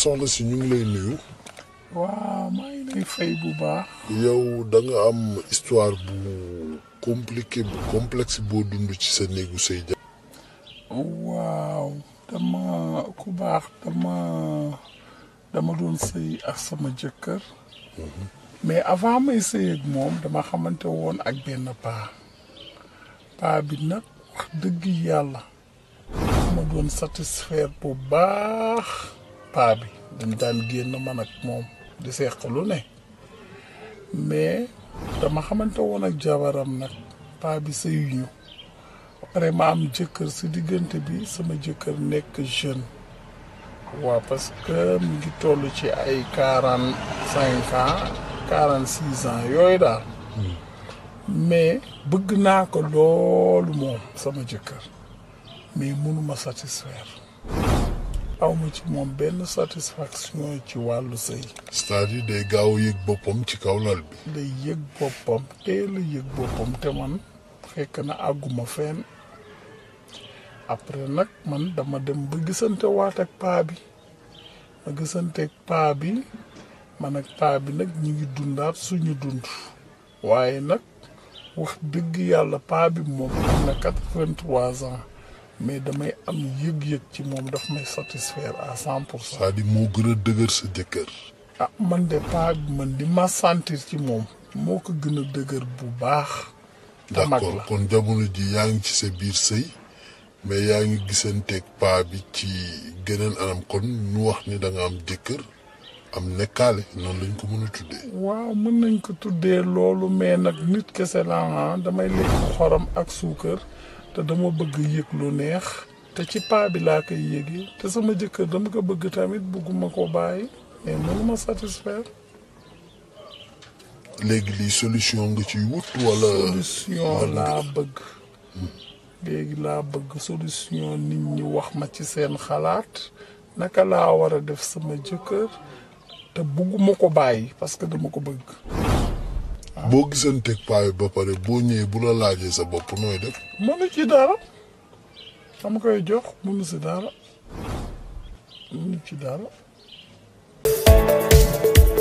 soxna si ñu ngi lay nuyu. waaw maa ngi lay fay bu baax. yow da am histoire bu compliqué bu complexe boo dund ci sa néegu say ja. waaw dama ku baax dama dama doon sëy ak sama jëkkër. Mhm. mais avant may sëy ak moom dama xamante woon ak benn paa paa bi nag wax dëgg yàlla. ma doon satisfaire bu baax. paa bi dañ daan génn ma nag moom di seq lu ne mais dama xamante woon ak jabaram nag paa bi sëyuñu après ma am jëkkër si diggante bi sama jëkkër nekk jeune waa parce que mu ngi toll ci ay quarante cinq ans quarante six ans yooyu daal mais bëgg naa ko loolu moom sama jëkkër mais mënuma satisfaire awma ci moom benn satisfaction ci wàllu sëy c'est-à-dire day gaaw yëg boppam ci kaw lal bi day yëg boppam teel a yëg boppam te man fekk na àgguma fenn après nag man dama dem ba gisante waat ak paa bi ma gisante ak paa bi man ak paa bi nag ñu ngi dundaat suñu dund waaye nag wax dëgg yàlla paa bi moom am na quatre vingt ans mais damay am yëg-yëg ci moom daf may satisfaire à cent pour cent. c'est-à-dire moo gën a dëgër sa jëkkër. ah man de pas man di ma santir ci moom. moo ko gën a dëgër bu baax. d'accord kon jamono ji yaa ngi ci sa biir sëy mais yaa ngi gisanteeg paa bi ci geneen anam kon ñu wax ni da am jëkkër am nekkaale noonu lañ ko mën a tuddee. waaw mën nañ ko tuddee loolu mais nag nit kese la ah, damay lekk xorom ak suukar. te dama bëgg yëg lu neex te ci paa bi laa koy yëgi te sama jëkkër dama ko bëgg tamit bëgguma ko bàyyi mais mënuma satisfaire léegi lii solution nga ciy wut wala solution laa bëgg léegi laa bëgg solution nit ñi wax ma ci seen xalaat naka laa war a def sama jëkkër te bëgguma ko bàyyi parce que dama ko bëgg boo gisanteeg paa yi ba pare boo ñëwee bu la laajee sa bopp nooy def. mënu ci dara dama koy jox mënu si dara mënu ci dara.